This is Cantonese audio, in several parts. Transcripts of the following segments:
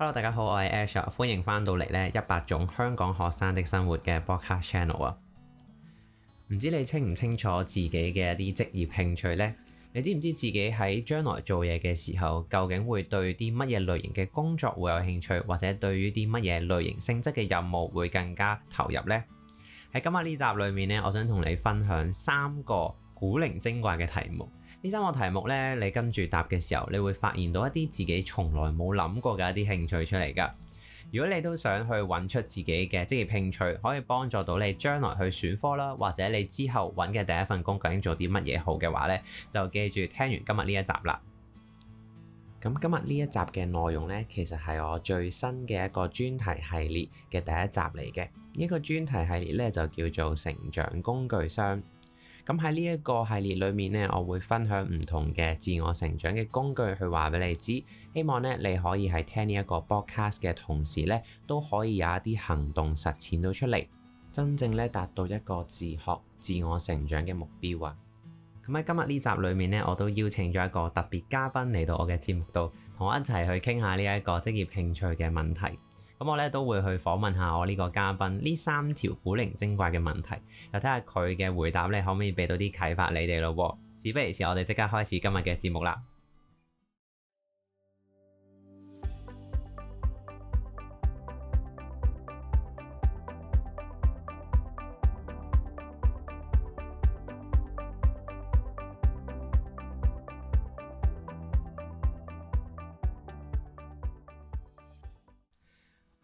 Hello，大家好，我係 Ash，歡迎翻到嚟呢一百種香港學生的生活嘅播客 channel 啊。唔知你清唔清楚自己嘅一啲職業興趣呢？你知唔知自己喺將來做嘢嘅時候，究竟會對啲乜嘢類型嘅工作會有興趣，或者對於啲乜嘢類型性質嘅任務會更加投入呢？喺今日呢集裏面呢，我想同你分享三個古靈精怪嘅題目。呢三個題目咧，你跟住答嘅時候，你會發現到一啲自己從來冇諗過嘅一啲興趣出嚟㗎。如果你都想去揾出自己嘅職業興趣，可以幫助到你將來去選科啦，或者你之後揾嘅第一份工究竟做啲乜嘢好嘅話呢，就記住聽完今日呢一集啦。咁今日呢一集嘅內容呢，其實係我最新嘅一個專題系列嘅第一集嚟嘅。呢個專題系列呢，就叫做成長工具箱。咁喺呢一個系列裏面呢，我會分享唔同嘅自我成長嘅工具去話俾你知，希望呢，你可以喺聽呢一個 podcast 嘅同時呢，都可以有一啲行動實踐到出嚟，真正呢達到一個自學自我成長嘅目標啊！咁喺今日呢集裏面呢，我都邀請咗一個特別嘉賓嚟到我嘅節目度，同我一齊去傾下呢一個職業興趣嘅問題。咁我呢都會去訪問下我呢個嘉賓，呢三條古靈精怪嘅問題，又睇下佢嘅回答咧，可唔可以俾到啲啟發你哋咯？事不宜遲，我哋即刻開始今日嘅節目啦！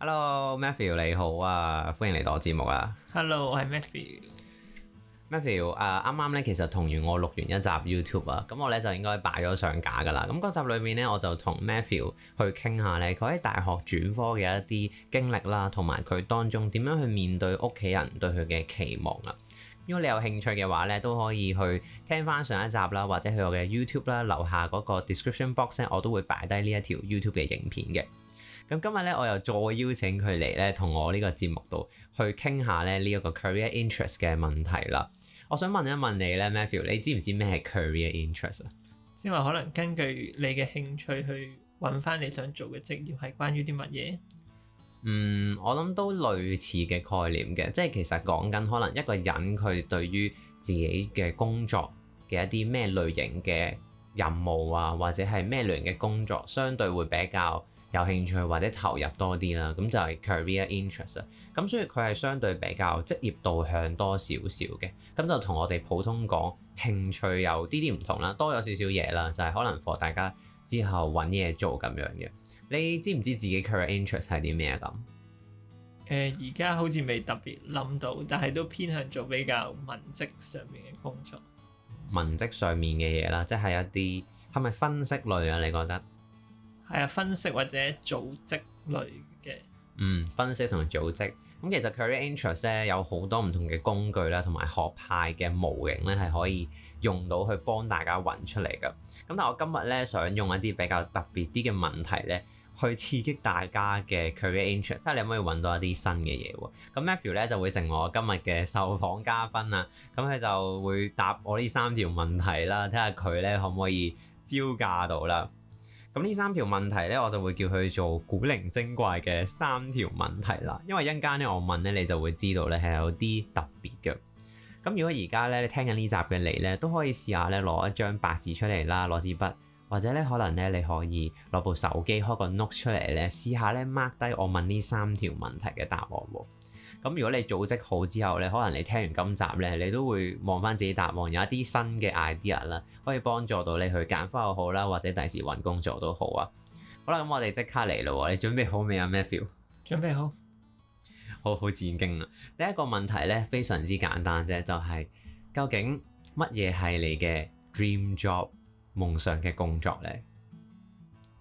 Hello，Matthew 你好啊，歡迎嚟到我節目 Hello，我 Matthew，啊。Hello，我係 Matthew。Matthew，誒，啱啱咧，其實同完我錄完一集 YouTube 啊，咁我咧就應該擺咗上架噶啦。咁、那、嗰、個、集裏面咧，我就同 Matthew 去傾下咧，佢喺大學轉科嘅一啲經歷啦，同埋佢當中點樣去面對屋企人對佢嘅期望啊。如果你有興趣嘅話咧，都可以去聽翻上一集啦，或者去我嘅 YouTube 啦，樓下嗰個 description box，我都會擺低呢一條 YouTube 嘅影片嘅。咁今日咧，我又再邀請佢嚟咧，同我呢個節目度去傾下咧呢一個 career interest 嘅問題啦。我想問一問你咧，Matthew，你知唔知咩係 career interest 啊？即係話可能根據你嘅興趣去揾翻你想做嘅職業係關於啲乜嘢？嗯，我諗都類似嘅概念嘅，即係其實講緊可能一個人佢對於自己嘅工作嘅一啲咩類型嘅任務啊，或者係咩類型嘅工作，相對會比較，有興趣或者投入多啲啦，咁就係 career interest 啊。咁所以佢係相對比較職業導向多少少嘅，咁就同我哋普通講興趣有啲啲唔同啦，多咗少少嘢啦，就係可能 for 大家之後揾嘢做咁樣嘅。你知唔知自己 career interest 係啲咩啊？咁誒、呃，而家好似未特別諗到，但係都偏向做比較文職上面嘅工作。文職上面嘅嘢啦，即係一啲係咪分析類啊？你覺得？係分析或者組織類嘅。嗯，分析同組織。咁其實 career interest 咧有好多唔同嘅工具啦，同埋學派嘅模型咧係可以用到去幫大家揾出嚟嘅。咁但係我今日咧想用一啲比較特別啲嘅問題咧，去刺激大家嘅 career interest，即係你可唔可以揾到一啲新嘅嘢喎？咁 Matthew 咧就會成我今日嘅受訪嘉賓啊，咁佢就會答我呢三條問題啦，睇下佢咧可唔可以招架到啦？咁呢三條問題呢，我就會叫佢做古靈精怪嘅三條問題啦。因為一陣間呢，我問呢，你就會知道呢係有啲特別嘅。咁如果而家呢，你聽緊呢集嘅你呢，都可以試下呢，攞一張白紙出嚟啦，攞支筆，或者呢，可能呢，你可以攞部手機開個 note 出嚟呢，試下呢 mark 低我問呢三條問題嘅答案喎。咁如果你組織好之後咧，可能你聽完今集咧，你都會望翻自己答案，有一啲新嘅 idea 啦，可以幫助到你去揀科又好啦，或者第時揾工作都好啊。好啦，咁我哋即刻嚟咯喎，你準備好未啊，Matthew？準備好，好好戰驚啊！第一個問題咧，非常之簡單啫，就係究竟乜嘢係你嘅 dream job 夢想嘅工作呢？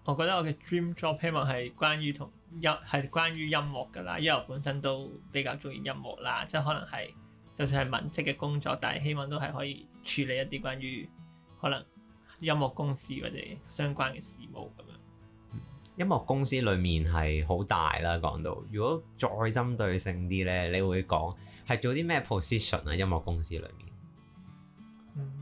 我覺得我嘅 dream job 希望係關於同。音係關於音樂㗎啦，因為我本身都比較中意音樂啦，即係可能係就算係文職嘅工作，但係希望都係可以處理一啲關於可能音樂公司或者相關嘅事務咁樣。音樂公司裡面係好大啦，講到如果再針對性啲咧，你會講係做啲咩 position 啊？音樂公司裡面，嗯，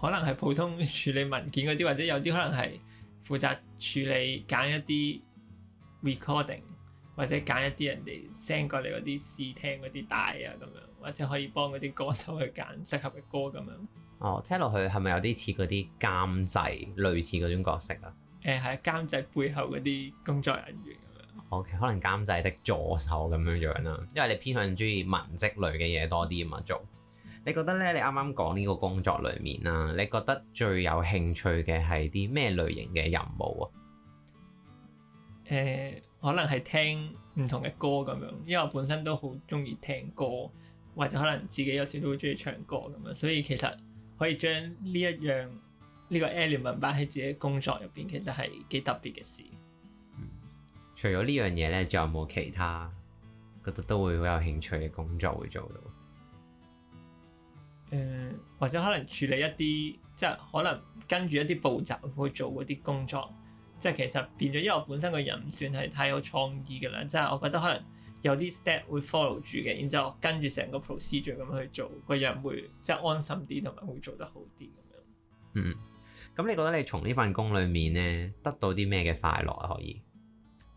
可能係普通處理文件嗰啲，或者有啲可能係負責處理揀一啲 Recording 或者揀一啲人哋 send 過嚟嗰啲試聽嗰啲帶啊咁樣，或者可以幫嗰啲歌手去揀適合嘅歌咁樣。哦，聽落去係咪有啲似嗰啲監製，類似嗰種角色啊？誒、嗯，係監製背後嗰啲工作人員咁樣。Okay，可能監製的助手咁樣樣啦，因為你偏向中意文職類嘅嘢多啲啊嘛做。你覺得咧，你啱啱講呢個工作裡面啦，你覺得最有興趣嘅係啲咩類型嘅任務啊？誒、呃，可能係聽唔同嘅歌咁樣，因為我本身都好中意聽歌，或者可能自己有時都會中意唱歌咁樣，所以其實可以將呢一樣呢、呢個 element 擺喺自己工作入邊，其實係幾特別嘅事。嗯、除咗呢樣嘢呢，仲有冇其他覺得都會好有興趣嘅工作會做到？誒、呃，或者可能處理一啲，即係可能跟住一啲步驟去做嗰啲工作。即係其實變咗，因為我本身個人唔算係太有創意嘅啦。即係我覺得可能有啲 step 會 follow 住嘅，然之後跟住成個 procedure 咁去做，個人會即係安心啲，同埋會做得好啲咁樣。嗯，咁你覺得你從呢份工裡面咧得到啲咩嘅快樂啊？可以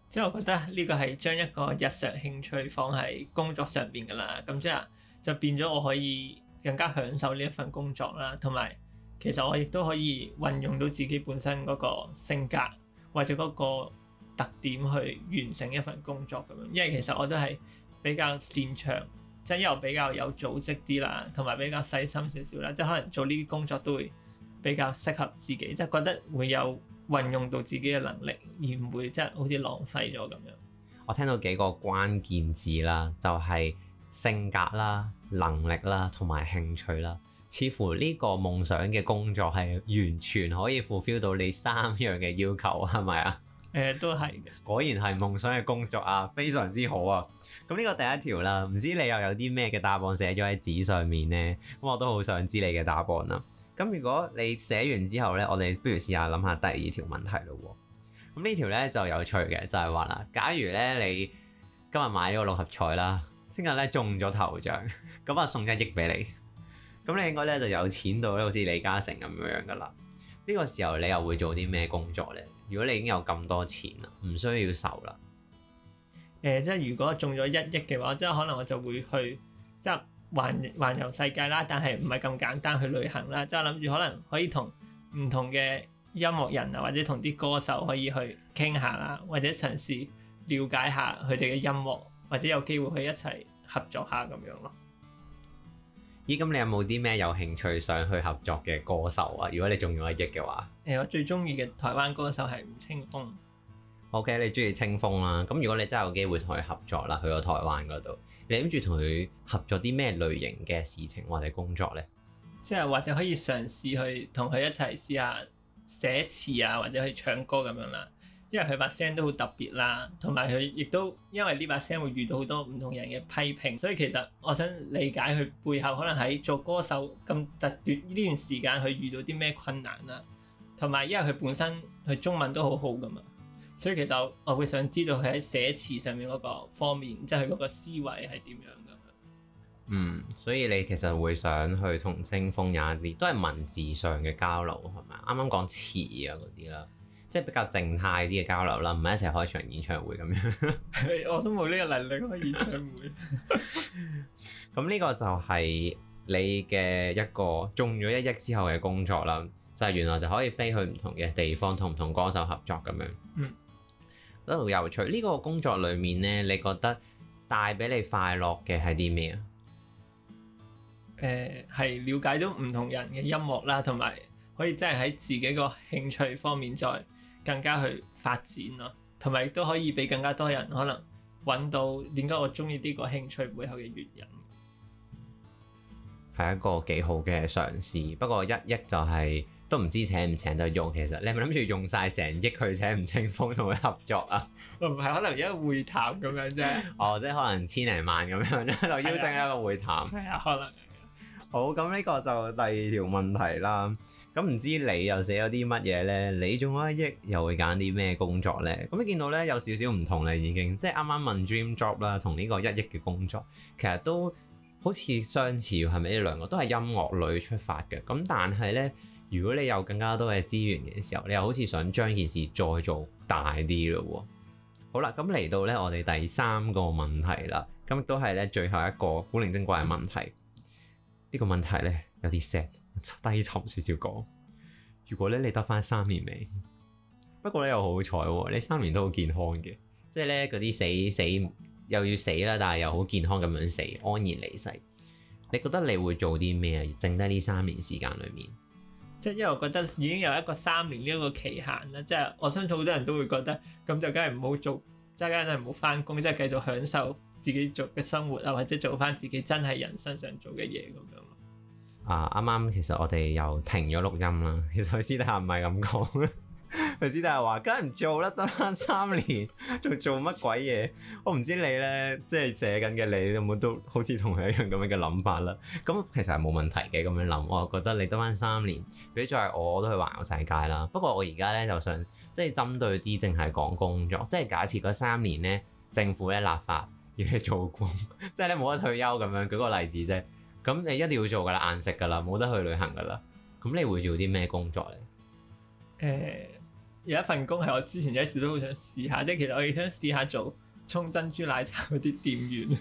即係我覺得呢個係將一個日常興趣放喺工作上邊噶啦。咁即係就變咗我可以更加享受呢一份工作啦，同埋其實我亦都可以運用到自己本身嗰個性格。或者嗰個特點去完成一份工作咁樣，因為其實我都係比較擅長，即係又比較有組織啲啦，同埋比較細心少少啦，即係可能做呢啲工作都會比較適合自己，即係覺得會有運用到自己嘅能力，而唔會即係好似浪費咗咁樣。我聽到幾個關鍵字啦，就係性格啦、能力啦同埋興趣啦。似乎呢個夢想嘅工作係完全可以 fulfill 到你三樣嘅要求，係咪啊？誒、嗯，都係果然係夢想嘅工作啊，非常之好啊！咁呢個第一條啦，唔知你又有啲咩嘅答案寫咗喺紙上面呢？咁我都好想知你嘅答案啦。咁如果你寫完之後呢，我哋不如試下諗下第二條問題咯。咁呢條呢就有趣嘅，就係話啦，假如呢，你今日買咗個六合彩啦，聽日呢中咗頭獎，咁啊送一億俾你。咁你應該咧就有錢到咧，好似李嘉誠咁樣樣噶啦。呢、這個時候你又會做啲咩工作咧？如果你已經有咁多錢啦，唔需要愁啦。誒、呃，即係如果中咗一億嘅話，即係可能我就會去即係環環遊世界啦。但係唔係咁簡單去旅行啦，即係諗住可能可以同唔同嘅音樂人啊，或者同啲歌手可以去傾下啦，或者嘗試了解下佢哋嘅音樂，或者有機會去一齊合作下咁樣咯。咦，咁你有冇啲咩有興趣想去合作嘅歌手啊？如果你仲有一億嘅話，誒、欸，我最中意嘅台灣歌手係吳青峯。OK，你中意青峯啦、啊。咁如果你真係有機會同佢合作啦，去到台灣嗰度，你諗住同佢合作啲咩類型嘅事情或者工作呢？即係或者可以嘗試去同佢一齊試下寫詞啊，或者去唱歌咁樣啦。因為佢把聲都好特別啦，同埋佢亦都因為呢把聲會遇到好多唔同人嘅批評，所以其實我想理解佢背後可能喺做歌手咁特別呢段時間佢遇到啲咩困難啦，同埋因為佢本身佢中文都好好㗎嘛，所以其實我會想知道佢喺寫詞上面嗰個方面，即係佢嗰個思維係點樣咁樣。嗯，所以你其實會想去同清風有一啲都係文字上嘅交流係咪？啱啱講詞啊嗰啲啦。剛剛即係比較靜態啲嘅交流啦，唔係一齊開場演唱會咁樣 。係，我都冇呢個能力開演唱會。咁 呢 個就係你嘅一個中咗一億之後嘅工作啦，就係、是、原來就可以飛去唔同嘅地方，同唔同歌手合作咁樣。都好、嗯、有趣。呢、這個工作裡面呢，你覺得帶俾你快樂嘅係啲咩啊？誒、呃，係了解到唔同人嘅音樂啦，同埋可以真係喺自己個興趣方面再～更加去發展咯，同埋亦都可以俾更加多人可能揾到點解我中意呢個興趣背後嘅原因，係一個幾好嘅嘗試。不過一億就係、是、都唔知請唔請得用，其實你係咪諗住用晒成億去請吳清風同佢合作啊？唔係，可能一個會談咁樣啫。 哦，即係可能千零萬咁樣，就邀請一個會談。係啊，係啊，可能。好，咁呢個就第二條問題啦。咁唔知你又寫咗啲乜嘢呢？你中一億又會揀啲咩工作呢？咁你見到呢，有少少唔同啦，已經即係啱啱問 dream job 啦，同呢個一億嘅工作其實都好似相似，係咪？呢兩個都係音樂類出發嘅。咁但係呢，如果你有更加多嘅資源嘅時候，你又好似想將件事再做大啲咯喎。好啦，咁嚟到呢，我哋第三個問題啦，咁亦都係呢最後一個古靈精怪嘅問題。呢個問題呢。有啲 sad，低沉少少講。如果咧，你得翻三年未？ 不過咧又好彩，你三年都好健康嘅，即係咧嗰啲死死又要死啦，但係又好健康咁樣死，安然離世。你覺得你會做啲咩啊？剩低呢三年時間裏面，即係因為我覺得已經有一個三年呢一個期限啦。即係我相信好多人都會覺得咁就梗係唔好做，即係梗係唔好翻工，即係繼續享受自己做嘅生活啊，或者做翻自己真係人生想做嘅嘢咁樣。啊，啱啱其實我哋又停咗錄音啦。其實佢私底下唔係咁講？佢私底下話梗係唔做啦，得翻三年，仲做乜鬼嘢？我唔知你咧，即係借緊嘅你有冇都好似同我一樣咁樣嘅諗法啦。咁其實係冇問題嘅咁樣諗，我覺得你得翻三年，比如係我，我都去環遊世界啦。不過我而家咧就想，即係針對啲淨係講工作，即係假設嗰三年咧，政府咧立法要你做工， 即係你冇得退休咁樣，舉個例子啫。咁你一定要做噶啦，硬食噶啦，冇得去旅行噶啦。咁你會做啲咩工作咧？誒，有一份工係我之前一直都好想試下，即係其實我亦都想試下做沖珍珠奶茶嗰啲店員。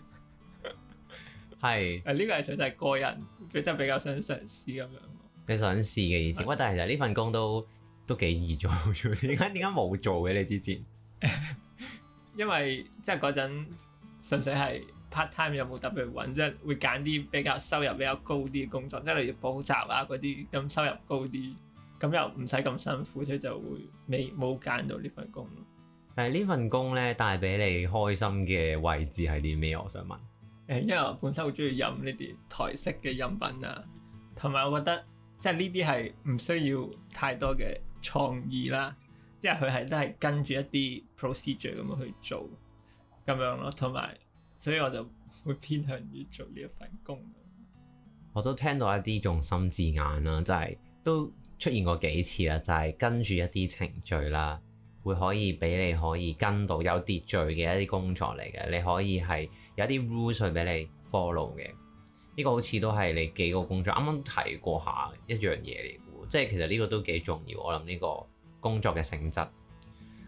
係，誒呢個係純粹個人就比較想嘗試咁樣。你想試嘅意思？喂，但係其實呢份工都都幾易做，點解點解冇做嘅？你之前？因為即係嗰陣純粹係。part time 有冇特別揾即係？會揀啲比較收入比較高啲嘅工作，即係例如補習啊嗰啲咁收入高啲，咁又唔使咁辛苦，所以就會未冇揀到呢份工咯。誒呢份工咧帶俾你開心嘅位置係啲咩？我想問誒，因為我本身好中意飲呢啲台式嘅飲品啊，同埋我覺得即係呢啲係唔需要太多嘅創意啦，即係佢係都係跟住一啲 procedure 咁樣去做咁樣咯，同埋。所以我就會偏向於做呢一份工。我都聽到一啲重心字眼啦，就係都出現過幾次啦，就係跟住一啲程序啦，會可以俾你可以跟到有秩序嘅一啲工作嚟嘅。你可以係有啲 rules 俾你 follow 嘅。呢個好似都係你幾個工作啱啱提過下一樣嘢嚟嘅，即係其實呢個都幾重要。我諗呢個工作嘅性質。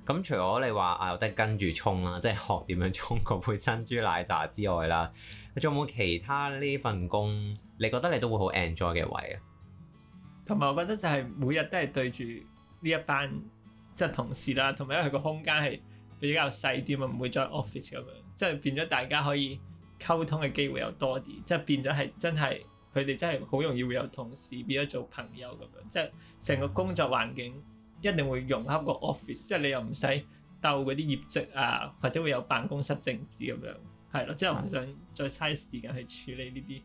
咁，嗯，除咗你話啊，得跟住沖啦，即係學點樣沖嗰杯珍珠奶茶之外啦，仲有冇其他呢份工？你覺得你都會好 enjoy 嘅位啊？同埋我覺得就係每日都係對住呢一班即係同事啦，同埋因為個空間係比較細啲啊嘛，唔會再 office 咁樣，即係變咗大家可以溝通嘅機會又多啲，即係變咗係真係佢哋真係好容易會有同事變咗做朋友咁樣，即係成個工作環境。一定會融合個 office，即係你又唔使鬥嗰啲業績啊，或者會有辦公室政治咁樣，係咯，即係唔想再嘥時間去處理呢啲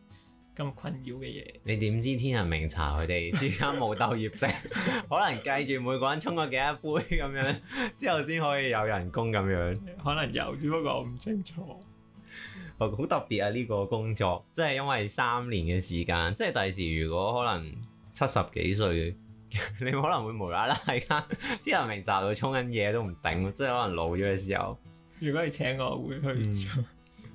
咁困擾嘅嘢。 你點知天人茗茶佢哋之間冇鬥業績，可能計住每個人沖咗幾多杯咁樣，之後先可以有人工咁樣。可能有，只不過我唔清楚。 好特別啊！呢個工作，即係因為三年嘅時間，即係第時如果可能七十幾歲。 你可能會無啦啦，家啲人明集到，衝緊嘢都唔頂，即係可能老咗嘅時候。如果你請我，我會去、嗯、好嘅年輕。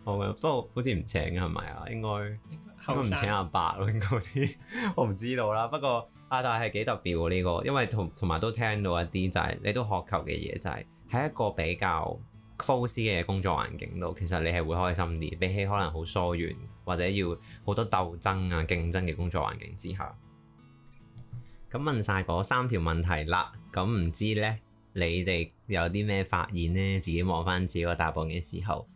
不過好似唔請係咪啊？應該唔請阿伯咯，應該啲我唔知道啦。不過阿大係幾特別喎呢個，因為同同埋都聽到一啲就係、是、你都渴求嘅嘢，就係喺一個比較 close 嘅工作環境度，其實你係會開心啲，比起可能好疏遠或者要好多鬥爭啊競爭嘅工作環境之下。咁問晒嗰三條問題啦，咁唔知呢，你哋有啲咩發現呢？自己望翻自己個答案嘅時候，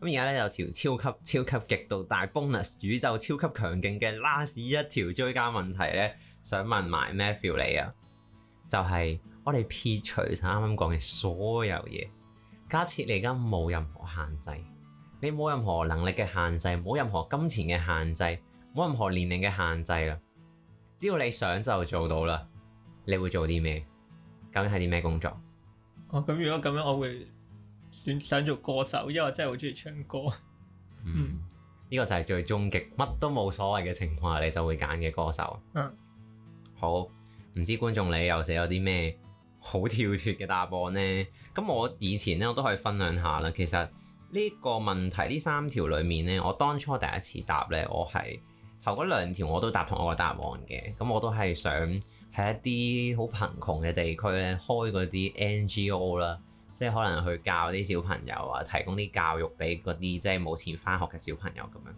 咁而家咧有條超級超級極度大功能、 bonus, 宇宙超級強勁嘅 last 一條追加問題呢，想問埋 Matthew 你啊，就係、是、我哋撇除就啱啱講嘅所有嘢，假設你而家冇任何限制，你冇任何能力嘅限制，冇任何金錢嘅限制，冇任何年齡嘅限制啦。只要你想就做到啦。你會做啲咩？究竟係啲咩工作？哦，咁如果咁樣，我會選想做歌手，因為我真係好中意唱歌。嗯，呢個就係最終極，乜都冇所謂嘅情況下，你就會揀嘅歌手。嗯，好。唔知觀眾你又寫咗啲咩好跳脱嘅答案呢？咁我以前咧，我都可以分享下啦。其實呢個問題，呢三條裏面呢，我當初第一次答呢，我係。頭嗰兩條我都答同我個答案嘅，咁我都係想喺一啲好貧窮嘅地區咧開嗰啲 NGO 啦，即係可能去教啲小朋友啊，提供啲教育俾嗰啲即係冇錢返學嘅小朋友咁樣。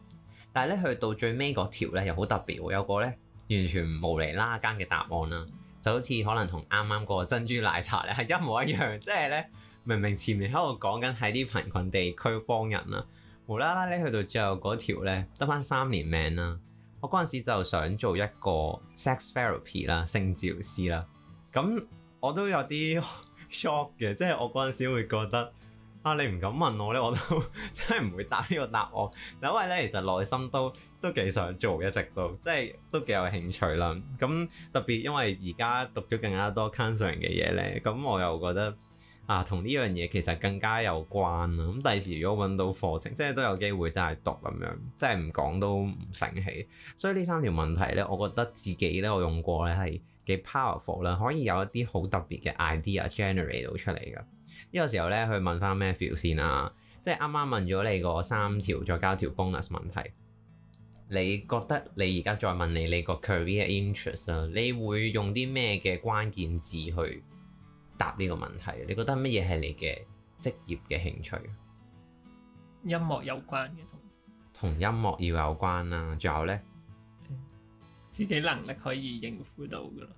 但係咧去到最尾嗰條咧又好特別喎，有個咧完全無厘啦更嘅答案啦，就好似可能同啱啱個珍珠奶茶咧係一模一樣，即係咧明明前面喺度講緊喺啲貧困地區幫人啦，無啦啦咧去到最後嗰條咧得返三年命啦。我嗰陣時就想做一個 sex therapy 啦，性治療師啦。咁我都有啲 shock 嘅，即係我嗰陣時會覺得啊，你唔敢問我咧，我都真係唔會答呢個答案。但係咧，其實內心都都幾想做，一直都即係都幾有興趣啦。咁特別因為而家讀咗更加多 counseling 嘅嘢咧，咁我又覺得。啊，同呢樣嘢其實更加有關啦。咁第時如果揾到課程，即係都有機會真係讀咁樣，即係唔講都唔醒起。所以呢三條問題呢，我覺得自己呢，我用過呢係幾 powerful 啦，可以有一啲好特別嘅 idea generate 到出嚟㗎。呢、這個時候呢，去問翻 Matthew 先啊，即係啱啱問咗你個三條，再加條 bonus 問題。你覺得你而家再問你你個 career interest 啊，你會用啲咩嘅關鍵字去？答呢個問題，你覺得乜嘢係你嘅職業嘅興趣？音樂有關嘅同同音樂要有關啦、啊。仲有咧、嗯，自己能力可以應付到噶，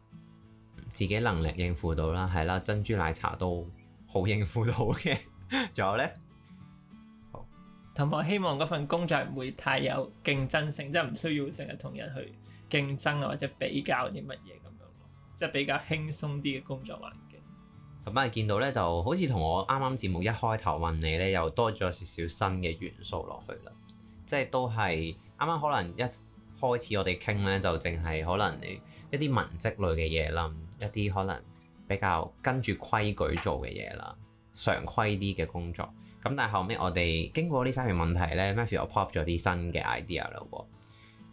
自己能力應付到啦，係啦。珍珠奶茶都好應付到嘅。仲 有咧，好同埋希望嗰份工作唔會太有競爭性，即係唔需要成日同人去競爭啊，或者比較啲乜嘢咁樣，即、就、係、是、比較輕鬆啲嘅工作環。咁啊，見到咧就好似同我啱啱節目一開頭問你咧，又多咗少少新嘅元素落去啦。即係都係啱啱可能一開始我哋傾咧，就淨係可能一啲文職類嘅嘢啦，一啲可能比較跟住規矩做嘅嘢啦，常規啲嘅工作。咁但係後尾我哋經過呢三條問題咧，Matthew 又 pop 咗啲新嘅 idea 啦喎。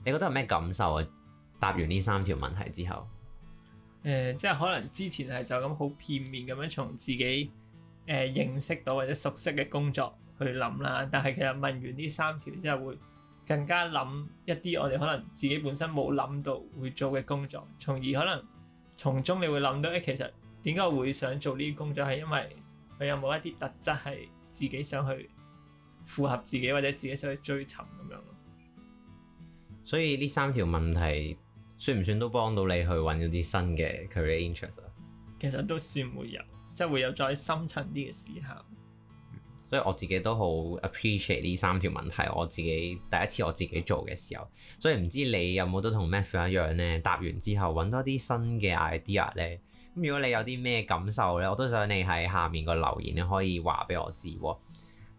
你覺得有咩感受啊？答完呢三條問題之後？誒、呃，即係可能之前係就咁好片面咁樣從自己誒、呃、認識到或者熟悉嘅工作去諗啦，但係其實問完呢三條之後，會更加諗一啲我哋可能自己本身冇諗到會做嘅工作，從而可能從中你會諗到，誒、欸、其實點解會想做呢啲工作係因為佢有冇一啲特質係自己想去符合自己或者自己想去追尋咁樣咯。所以呢三條問題。算唔算都幫到你去揾咗啲新嘅 career interest？其實都算會有，即係會有再深層啲嘅時候。所以我自己都好 appreciate 呢三條問題。我自己第一次我自己做嘅時候，所以唔知你有冇都同 Matthew 一樣呢？答完之後揾多啲新嘅 idea 呢。咁如果你有啲咩感受呢，我都想你喺下面個留言咧可以話俾我知喎。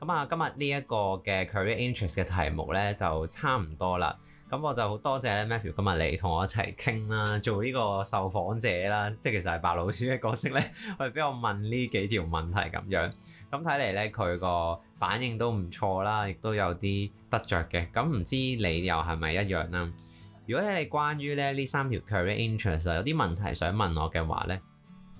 咁啊，今日呢一個嘅 career interest 嘅題目呢，就差唔多啦。咁我就好多謝咧，Matthew 今日嚟同我一齊傾啦，做呢個受訪者啦，即係其實係白老鼠嘅角色咧，去 俾我問呢幾條問題咁樣。咁睇嚟咧，佢個反應都唔錯啦，亦都有啲得着嘅。咁唔知你又係咪一樣啦？如果你關於咧呢三條 career interest 有啲問題想問我嘅話咧，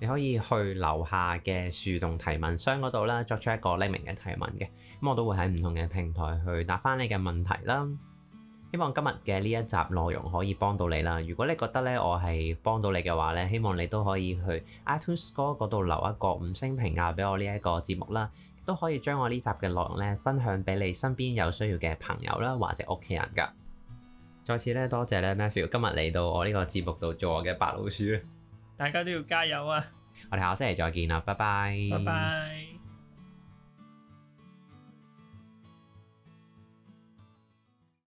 你可以去樓下嘅樹洞提問箱嗰度啦，作出一個匿名嘅提問嘅。咁我都會喺唔同嘅平台去答翻你嘅問題啦。希望今日嘅呢一集內容可以幫到你啦！如果你覺得呢，我係幫到你嘅話咧，希望你都可以去 iTunes 歌嗰度留一個五星評價俾我呢一個節目啦，都可以將我集內呢集嘅內容咧分享俾你身邊有需要嘅朋友啦，或者屋企人噶。再次咧多謝咧 Matthew 今日嚟到我呢個節目度做我嘅白老鼠。大家都要加油啊！我哋下星期再見啦，拜拜。拜拜。